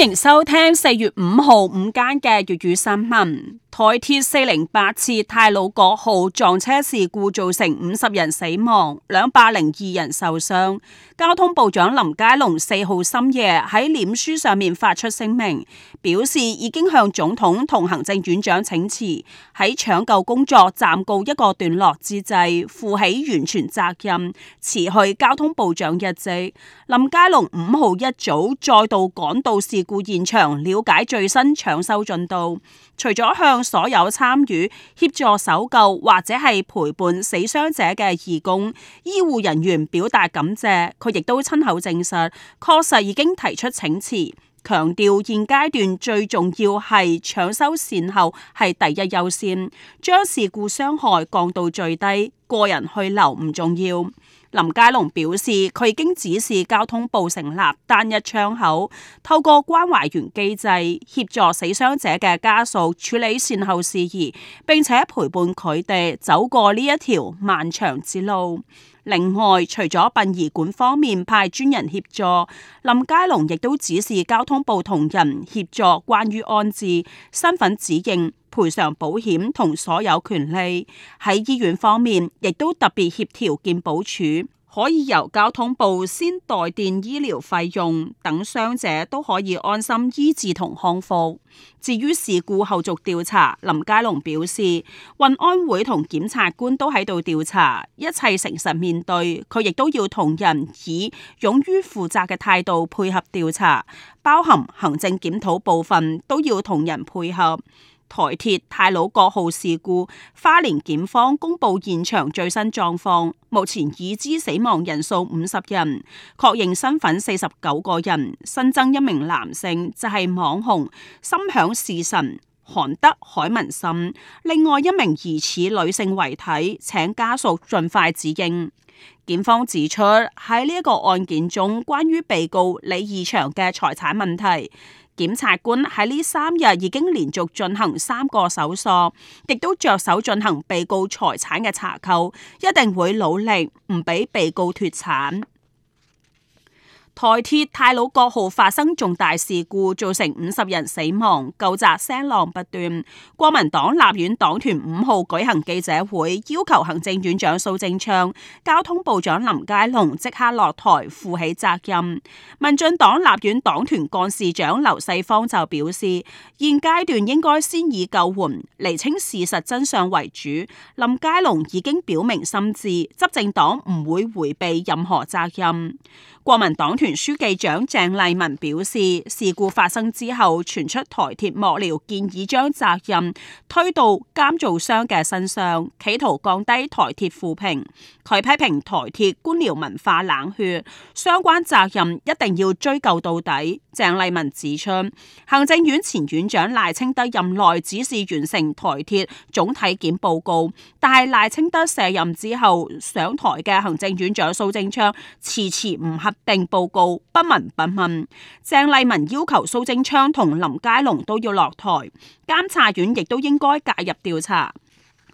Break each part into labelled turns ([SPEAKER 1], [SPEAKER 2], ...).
[SPEAKER 1] 歡迎收聽四月五號午間嘅粵語新聞。海鐵四零八次太魯閣號撞車事故造成五十人死亡，兩百零二人受傷。交通部長林佳龍四號深夜喺臉書上面發出聲明，表示已經向總統同行政院長請辭，喺搶救工作暫告一個段落之際負起完全責任，辭去交通部長一職。林佳龍五號一早再度趕到事故現場了解最新搶修進度，除咗向所有參與協助搜救或者係陪伴死傷者嘅義工、醫護人員表達感謝。佢亦都親口證實，確實已經提出請辭，強調現階段最重要係搶修善後係第一優先，將事故傷害降到最低，個人去留唔重要。林佳龍表示，佢已經指示交通部成立單一窗口，透過關懷員機制協助死傷者嘅家屬處理善後事宜，並且陪伴佢哋走過呢一條漫長之路。另外，除咗殯儀館方面派專人協助，林佳龍亦都指示交通部同人協助關於安置、身份指認、賠償保險同所有權利，喺醫院方面，亦都特別協調健保署。可以由交通部先代墊醫療費用，等傷者都可以安心醫治同康復。至於事故後續調查，林佳龍表示，運安會同檢察官都喺度調查，一切誠實面對。佢亦都要同人以勇於負責嘅態度配合調查，包含行政檢討部分都要同人配合。台鐵太魯閣號事故，花蓮檢方公布現場最新狀況，目前已知死亡人數五十人，確認身份四十九個人，新增一名男性就係、是、網紅心享視神韓德海文森，另外一名疑似女性遺體，請家屬盡快指認。檢方指出喺呢一個案件中，關於被告李義祥嘅財產問題。檢察官喺呢三日已經連續進行三個搜索，亦都着手進行被告財產嘅查扣，一定會努力唔畀被告脱產。台鐵太魯閣號發生重大事故，造成五十人死亡，救責聲浪不斷。國民黨立院黨團五號舉行記者會，要求行政院長蘇貞昌、交通部長林佳龍即刻落台，負起責任。民進黨立院黨團幹事長劉世芳就表示，現階段應該先以救援、厘清事實真相為主。林佳龍已經表明心志，執政黨唔會回避任何責任。國民黨團。書記長鄭麗文表示，事故發生之後傳出台鐵幕僚建議將責任推到監造商嘅身上，企圖降低台鐵負評，佢批評台鐵官僚文化冷血，相關責任一定要追究到底。鄭麗文指出，行政院前院長賴清德任內指示完成台鐵總體檢報告，但係賴清德卸任之後上台嘅行政院長蘇貞昌遲遲唔核定報告不聞不問，鄭麗文要求蘇貞昌同林佳龍都要落台，監察院亦都應該介入調查。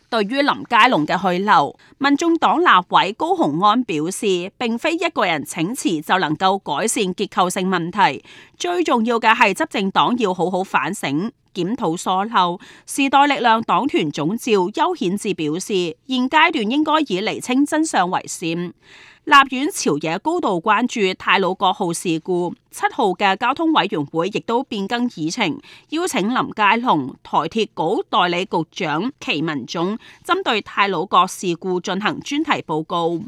[SPEAKER 1] 對於林佳龍嘅去留，民眾黨立委高虹安表示，並非一個人請辭就能夠改善結構性問題，最重要嘅係執政黨要好好反省、檢討疏漏。時代力量黨團總召邱顯智表示，現階段應該以厘清真相為先。立院朝野高度關注太魯閣號事故，七號嘅交通委員會亦都變更議程，邀請林佳龍、台鐵局代理局長祁文中針對太魯閣事故進行專題報告。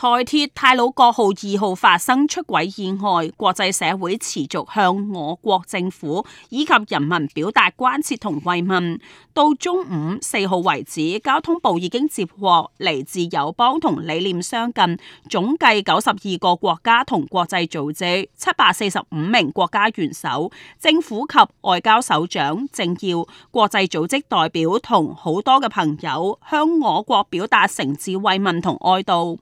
[SPEAKER 1] 台鐵太魯閣號二號發生出軌意外，國際社會持續向我國政府以及人民表達關切同慰問。到中午四號為止，交通部已經接獲嚟自友邦同理念相近，總計九十二個國家同國際組織，七百四十五名國家元首、政府及外交首長、政要、國際組織代表同好多嘅朋友，向我國表達誠摯慰問同哀悼。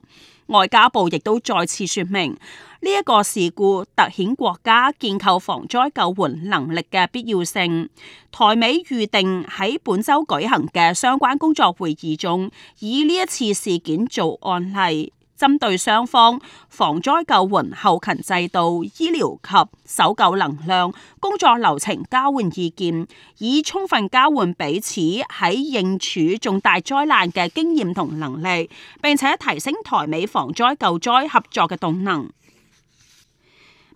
[SPEAKER 1] 外交部亦都再次説明呢一個事故突顯國家建構防災救援能力嘅必要性。台美預定喺本週舉行嘅相關工作會議中，以呢一次事件做案例。針對雙方防災救援後勤制度、醫療及搜救能量、工作流程交換意見，以充分交換彼此喺應處重大災難嘅經驗同能力，並且提升台美防災救災合作嘅動能。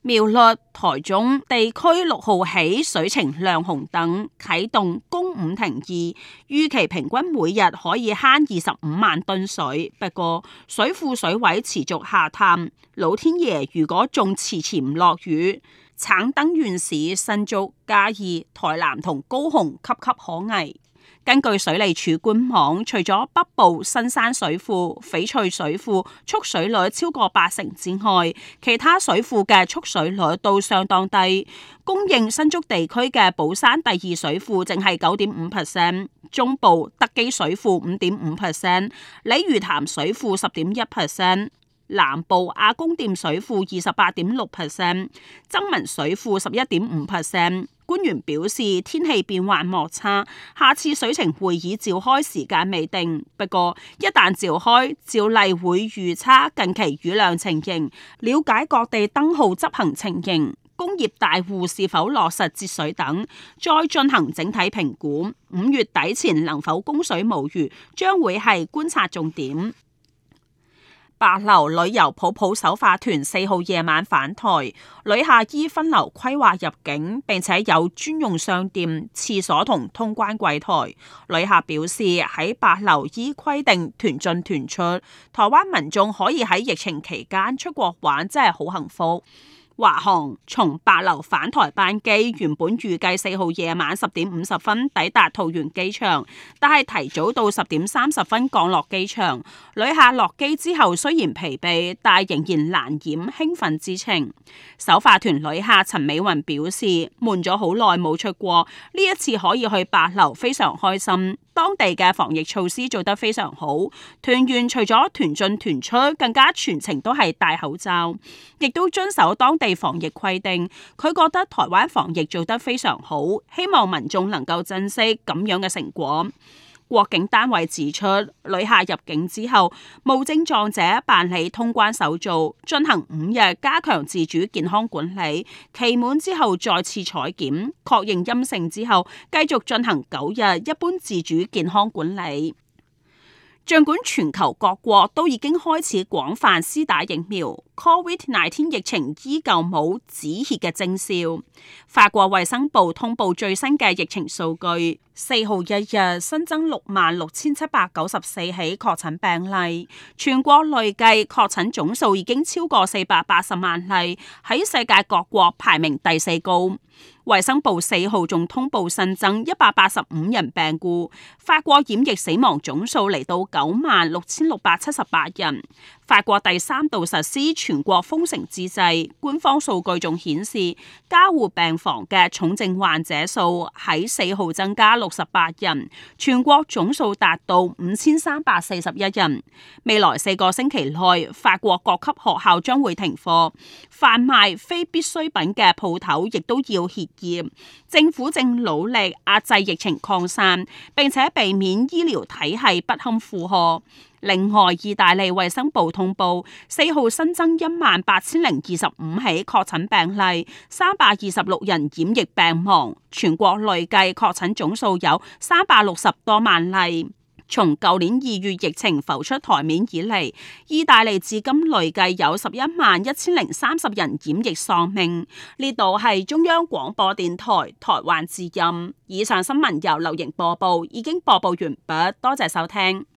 [SPEAKER 1] 苗栗、台中地區六號起水情亮紅燈啟動公五停二，預期平均每日可以慳二十五萬噸水。不過，水庫水位持續下探，老天爺如果仲遲遲唔落雨，橙燈縣市新竹、嘉義、台南同高雄級，岌岌可危。根據水利署官網，除咗北部新山水庫、翡翠水庫蓄水率超過八成之外，其他水庫嘅蓄水率都相當低。供應新竹地區嘅寶山第二水庫淨係九點五 percent，中部德基水庫五點五 percent，鯉魚潭水庫十點一 percent，南部阿公店水庫二十八點六 percent，曾文水庫十一點五 percent。官員表示，天氣變幻莫測，下次水情會議召開時間未定。不過，一旦召開，照例會預測近期雨量情形，了解各地燈號執行情形，工業大戶是否落實節水等，再進行整體評估。五月底前能否供水無虞，將會係觀察重點。帛琉旅遊泡泡首發團四號夜晚返台，旅客依分流規劃入境，並且有專用商店、廁所同通關櫃台。旅客表示喺帛琉依規定團進團出，台灣民眾可以喺疫情期間出國玩，真係好幸福。華航從帛琉返台班機原本預計四號夜晚十點五十分抵達桃園機場，但係提早到十點三十分降落機場。旅客落機之後雖然疲憊，但仍然難掩興奮之情。首發團旅客陳美雲表示，悶咗好耐冇出過，呢一次可以去帛琉，非常開心。當地嘅防疫措施做得非常好，團員除咗團進團出，更加全程都係戴口罩，亦都遵守當地防疫規定。佢覺得台灣防疫做得非常好，希望民眾能夠珍惜咁樣嘅成果。國境單位指出，旅客入境之後，無症狀者辦理通關手續，進行五日加強自主健康管理，期滿之後再次採檢，確認陰性之後，繼續進行九日一般自主健康管理。盡管全球各國都已經開始廣泛施打疫苗，Covid-19 疫情依舊冇止血嘅徵兆。法國衛生部通報最新嘅疫情數據。四號一日，日新增六萬六千七百九十四起確診病例，全國累計確診總數已經超過四百八十萬例，喺世界各國排名第四高。衛生部四號仲通報新增一百八十五人病故，法國染疫死亡總數嚟到九萬六千六百七十八人。法國第三度實施全國封城自制，官方數據仲顯示，加護病房嘅重症患者數喺四號增加六十八人，全國總數達到五千三百四十一人。未來四個星期內，法國各級學校將會停課，販賣非必需品嘅鋪頭亦都要歇業。政府正努力壓制疫情擴散，並且避免醫療體系不堪負荷。另外，意大利衛生部通報，四號新增一萬八千零二十五起確診病例，三百二十六人染疫病亡，全國累計確診總數有三百六十多萬例。從舊年二月疫情浮出台面以嚟，意大利至今累計有十一萬一千零三十人染疫喪命。呢度係中央廣播電臺台灣之音。以上新聞由劉瑩播報，已經播報完畢，多謝收聽。